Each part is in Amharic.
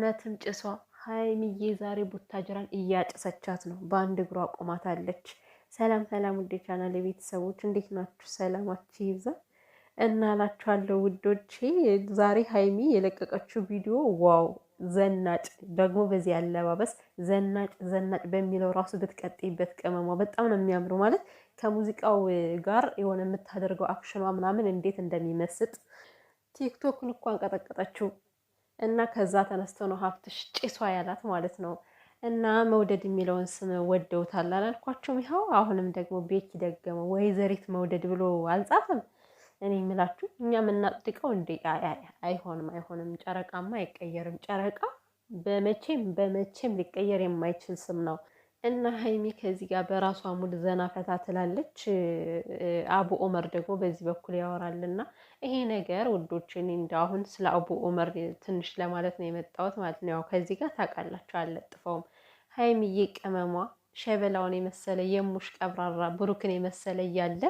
እውነትም ጭሷ ሀይሚዬ ዛሬ ቡታጅራን እያጨሰቻት ነው። በአንድ እግሯ ቆማታለች። ሰላም ሰላም፣ ውዴ ቻናል የቤተሰቦች እንዴት ናችሁ? ሰላማችሁ ይብዛ እና ላችኋለሁ ውዶቼ። ዛሬ ሀይሚ የለቀቀችው ቪዲዮ ዋው ዘናጭ ደግሞ በዚህ አለባበስ ዘናጭ ዘናጭ በሚለው ራሱ ብትቀጥይበት ቅመሟ በጣም ነው የሚያምሩ። ማለት ከሙዚቃው ጋር የሆነ የምታደርገው አክሽኗ ምናምን እንዴት እንደሚመስጥ ቲክቶክን እኮ አንቀጠቀጠችው። እና ከዛ ተነስተው ነው ሀብትሽ ጭሷ ያላት ማለት ነው። እና መውደድ የሚለውን ስም ወደውታል አላልኳቸውም? ይኸው አሁንም ደግሞ ቤኪ ደገመው። ወይዘሪት መውደድ ብሎ አልጻፈም። እኔ የምላችሁ እኛ የምናጽድቀው እንደ አይሆንም፣ አይሆንም። ጨረቃማ አይቀየርም። ጨረቃ በመቼም በመቼም ሊቀየር የማይችል ስም ነው። እና ሀይሚ ከዚህ ጋር በራሷ ሙድ ዘና ፈታ ትላለች። አቡ ኦመር ደግሞ በዚህ በኩል ያወራልና ይሄ ነገር ውዶች፣ እንዲ አሁን ስለ አቡ ኦመር ትንሽ ለማለት ነው የመጣሁት ማለት ነው። ያው ከዚህ ጋር ታውቃላችሁ፣ አልለጥፈውም። ሀይሚዬ ቀመሟ ሸበላውን የመሰለ የሙሽ ቀብራራ ብሩክን የመሰለ እያለ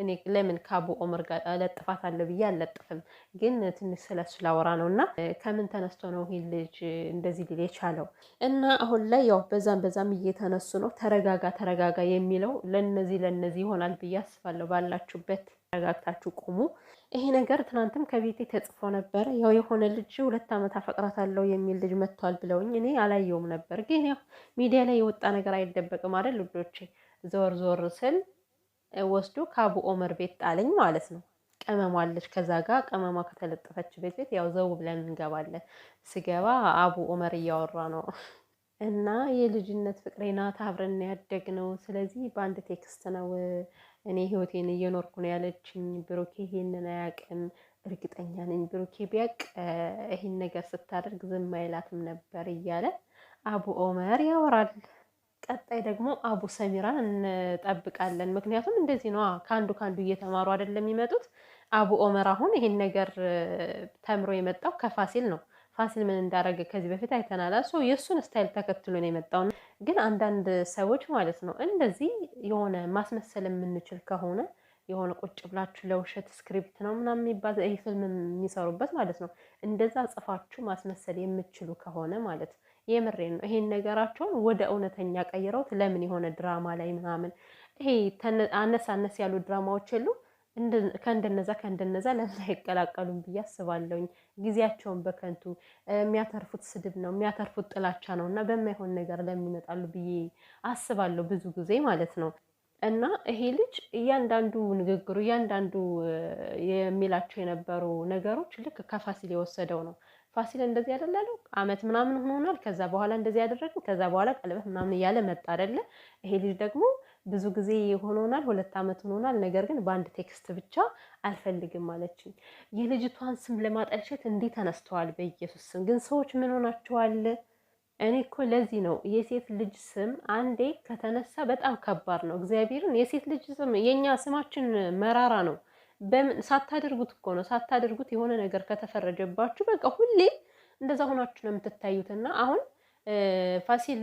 እኔ ለምን ከአቡ ኦመር ጋር ለጥፋት አለ ብዬ አልለጥፍም። ግን ትንሽ ስለሱ ላወራ ነው እና ከምን ተነስቶ ነው ይህ ልጅ እንደዚህ ሊል የቻለው? እና አሁን ላይ ያው በዛም በዛም እየተነሱ ነው። ተረጋጋ ተረጋጋ የሚለው ለነዚህ ለነዚህ ይሆናል ብዬ አስባለሁ። ባላችሁበት ተረጋግታችሁ ቁሙ። ይሄ ነገር ትናንትም ከቤቴ ተጽፎ ነበረ። ያው የሆነ ልጅ ሁለት ዓመት አፈቅራታለሁ የሚል ልጅ መጥቷል ብለውኝ እኔ አላየውም ነበር። ግን ያው ሚዲያ ላይ የወጣ ነገር አይደበቅም አይደል ልጆቼ? ዞር ዞር ስል ወስዶ ከአቡ ኦመር ቤት ጣለኝ ማለት ነው። ቅመሟ አለች ከዛ ጋር ቅመሟ ከተለጠፈች ቤት ቤት ያው ዘው ብለን እንገባለን። ስገባ አቡ ኦመር እያወራ ነው እና የልጅነት ፍቅሬ ናት፣ አብረን ያደግ ነው። ስለዚህ በአንድ ቴክስት ነው እኔ ህይወቴን እየኖርኩ ነው ያለችኝ። ብሩኬ ይሄንን አያውቅም፣ እርግጠኛ ነኝ። ብሩኬ ቢያውቅ ይህን ነገር ስታደርግ ዝም አይላትም ነበር እያለ አቡ ኦመር ያወራል። ቀጣይ ደግሞ አቡ ሰሚራ እንጠብቃለን። ምክንያቱም እንደዚህ ነዋ፣ ከአንዱ ከአንዱ እየተማሩ አይደለም የሚመጡት። አቡ ኦመር አሁን ይሄን ነገር ተምሮ የመጣው ከፋሲል ነው። ፋሲል ምን እንዳደረገ ከዚህ በፊት አይተናል። ሰው የእሱን ስታይል ተከትሎ ነው የመጣው። ግን አንዳንድ ሰዎች ማለት ነው እንደዚህ የሆነ ማስመሰል የምንችል ከሆነ የሆነ ቁጭ ብላችሁ ለውሸት ስክሪፕት ነው ምናምን የሚባል ይህ ፊልም የሚሰሩበት ማለት ነው። እንደዛ ጽፋችሁ ማስመሰል የምችሉ ከሆነ ማለት ነው የምሬን ነው። ይሄን ነገራቸውን ወደ እውነተኛ ቀይረውት ለምን የሆነ ድራማ ላይ ምናምን ይሄ አነስ አነስ ያሉ ድራማዎች የሉ ከእንደነዛ ከእንደነዛ ለምን አይቀላቀሉም ብዬ አስባለሁኝ። ጊዜያቸውን በከንቱ የሚያተርፉት ስድብ ነው የሚያተርፉት ጥላቻ ነው እና በማይሆን ነገር ለምን ይመጣሉ ብዬ አስባለሁ ብዙ ጊዜ ማለት ነው። እና ይሄ ልጅ እያንዳንዱ ንግግሩ እያንዳንዱ የሚላቸው የነበሩ ነገሮች ልክ ከፋሲል የወሰደው ነው። ፋሲል እንደዚህ አይደል አመት ምናምን ሆኖናል። ከዛ በኋላ እንደዚህ ያደረግን ከዛ በኋላ ቀለበት ምናምን እያለ መጣ አይደለ። ይሄ ልጅ ደግሞ ብዙ ጊዜ ሆኖናል፣ ሁለት አመት ሆኖናል። ነገር ግን በአንድ ቴክስት ብቻ አልፈልግም አለችኝ። የልጅቷን ስም ለማጠልሸት እንዲህ ተነስተዋል። በኢየሱስ ስም ግን ሰዎች ምን ሆናችኋል? እኔ እኮ ለዚህ ነው የሴት ልጅ ስም አንዴ ከተነሳ በጣም ከባድ ነው። እግዚአብሔርን የሴት ልጅ ስም የእኛ ስማችን መራራ ነው። በምን ሳታደርጉት እኮ ነው ሳታደርጉት የሆነ ነገር ከተፈረጀባችሁ በቃ ሁሌ እንደዛ ሆናችሁ ነው የምትታዩትና አሁን ፋሲል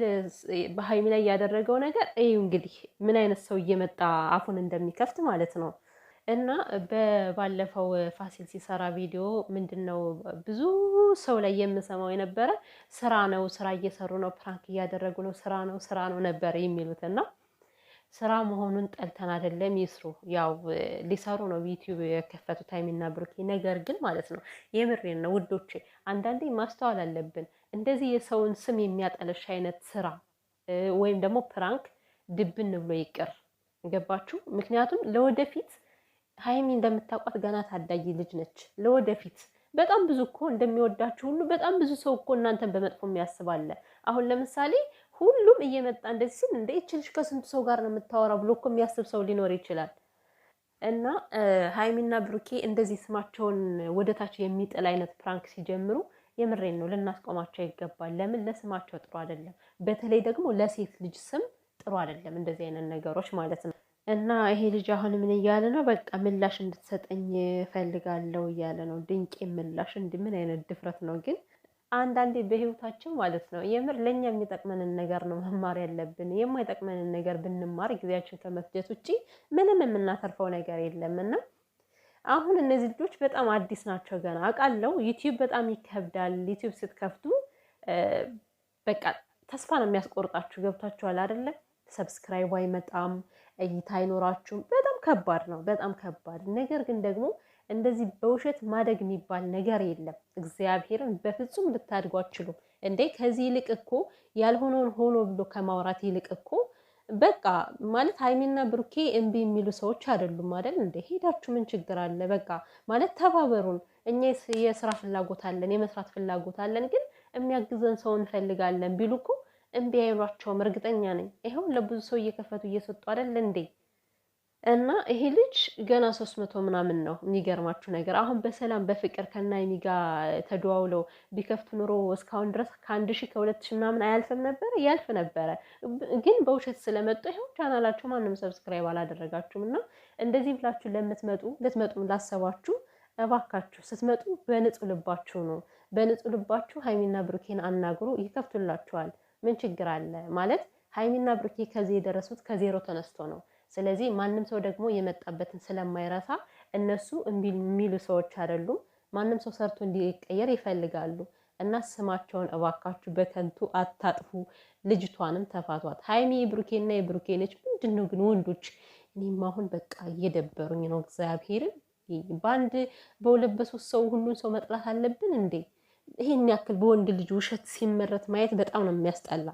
በሀይሚ ላይ ያደረገው ነገር ይህ እንግዲህ ምን አይነት ሰው እየመጣ አፉን እንደሚከፍት ማለት ነው። እና በባለፈው ፋሲል ሲሰራ ቪዲዮ ምንድን ነው ብዙ ሰው ላይ የምሰማው የነበረ ስራ ነው፣ ስራ እየሰሩ ነው፣ ፕራንክ እያደረጉ ነው፣ ስራ ነው፣ ስራ ነው ነበር የሚሉት እና ስራ መሆኑን ጠልተን አይደለም ይስሩ። ያው ሊሰሩ ነው ዩቲዩብ የከፈቱ ታይሚና ብሩኬ። ነገር ግን ማለት ነው የምሬን ነው ውዶቼ፣ አንዳንዴ ማስተዋል አለብን። እንደዚህ የሰውን ስም የሚያጠለሽ አይነት ስራ ወይም ደግሞ ፕራንክ ድብን ብሎ ይቅር። ገባችሁ? ምክንያቱም ለወደፊት ሀይሚ እንደምታውቋት ገና ታዳጊ ልጅ ነች። ለወደፊት በጣም ብዙ እኮ እንደሚወዳችሁ ሁሉ በጣም ብዙ ሰው እኮ እናንተን በመጥፎ የሚያስባለ አሁን ለምሳሌ ሁሉም እየመጣ እንደዚህ ሲል እንደ ይችልሽ ከስንቱ ሰው ጋር ነው የምታወራው ብሎ እኮ የሚያስብ ሰው ሊኖር ይችላል። እና ሀይሚና ብሩኬ እንደዚህ ስማቸውን ወደታች የሚጥል አይነት ፕራንክ ሲጀምሩ የምሬን ነው ልናስቆማቸው ይገባል። ለምን ለስማቸው ጥሩ አይደለም። በተለይ ደግሞ ለሴት ልጅ ስም ጥሩ አይደለም፣ እንደዚህ አይነት ነገሮች ማለት ነው። እና ይሄ ልጅ አሁን ምን እያለ ነው? በቃ ምላሽ እንድትሰጠኝ ፈልጋለው እያለ ነው። ድንቄ ምላሽ እንዲህ ምን አይነት ድፍረት ነው ግን አንዳንዴ በህይወታችን ማለት ነው የምር ለእኛ የሚጠቅመንን ነገር ነው መማር ያለብን። የማይጠቅመንን ነገር ብንማር ጊዜያችን ከመፍጀት ውጭ ምንም የምናተርፈው ነገር የለም እና አሁን እነዚህ ልጆች በጣም አዲስ ናቸው ገና አውቃለሁ። ዩቲዩብ በጣም ይከብዳል። ዩቲዩብ ስትከፍቱ በቃ ተስፋ ነው የሚያስቆርጣችሁ። ገብታችኋል አይደለም? ሰብስክራይብ አይመጣም፣ እይታ አይኖራችሁም። ከባድ ነው፣ በጣም ከባድ ነገር ግን ደግሞ እንደዚህ በውሸት ማደግ የሚባል ነገር የለም። እግዚአብሔርን በፍጹም ልታድጉ አትችሉም እንዴ! ከዚህ ይልቅ እኮ ያልሆነውን ሆኖ ብሎ ከማውራት ይልቅ እኮ በቃ ማለት ሀይሜና ብሩኬ እምቢ የሚሉ ሰዎች አይደሉም አይደል? እንደ ሄዳችሁ ምን ችግር አለ? በቃ ማለት ተባበሩን። እኛ የስራ ፍላጎት አለን፣ የመስራት ፍላጎት አለን፣ ግን የሚያግዘን ሰው እንፈልጋለን ቢሉ እኮ እምቢ አይሏቸውም። እርግጠኛ ነኝ። ይኸው ለብዙ ሰው እየከፈቱ እየሰጡ አይደል እንዴ? እና ይሄ ልጅ ገና ሶስት መቶ ምናምን ነው። የሚገርማችሁ ነገር አሁን በሰላም በፍቅር ከና ጋር ተደዋውለው ቢከፍቱ ኑሮ እስካሁን ድረስ ከአንድ ሺህ ከሁለት ሺህ ምናምን አያልፍም ነበረ ያልፍ ነበረ። ግን በውሸት ስለመጡ ይኸው ቻናላችሁ ማንም ሰብስክራይብ አላደረጋችሁም። እና እንደዚህ ብላችሁ ለምትመጡ ልትመጡ ላሰባችሁ እባካችሁ ስትመጡ በንጹህ ልባችሁ ነው። በንጹህ ልባችሁ ሀይሚና ብሩኬን አናግሩ፣ ይከፍቱላችኋል። ምን ችግር አለ ማለት ሀይሚና ብሩኬ ከዚህ የደረሱት ከዜሮ ተነስቶ ነው። ስለዚህ ማንም ሰው ደግሞ የመጣበትን ስለማይረሳ እነሱ የሚሉ ሰዎች አይደሉም። ማንም ሰው ሰርቶ እንዲቀየር ይፈልጋሉ። እና ስማቸውን እባካችሁ በከንቱ አታጥፉ። ልጅቷንም ተፋቷት። ሀይሚ የብሩኬና የብሩኬ ምንድን ነው ግን ወንዶች፣ እኔም አሁን በቃ እየደበሩኝ ነው። እግዚአብሔርን በአንድ በሁለት በሶስት ሰው ሁሉን ሰው መጥላት አለብን እንዴ? ይሄን ያክል በወንድ ልጅ ውሸት ሲመረት ማየት በጣም ነው የሚያስጠላ።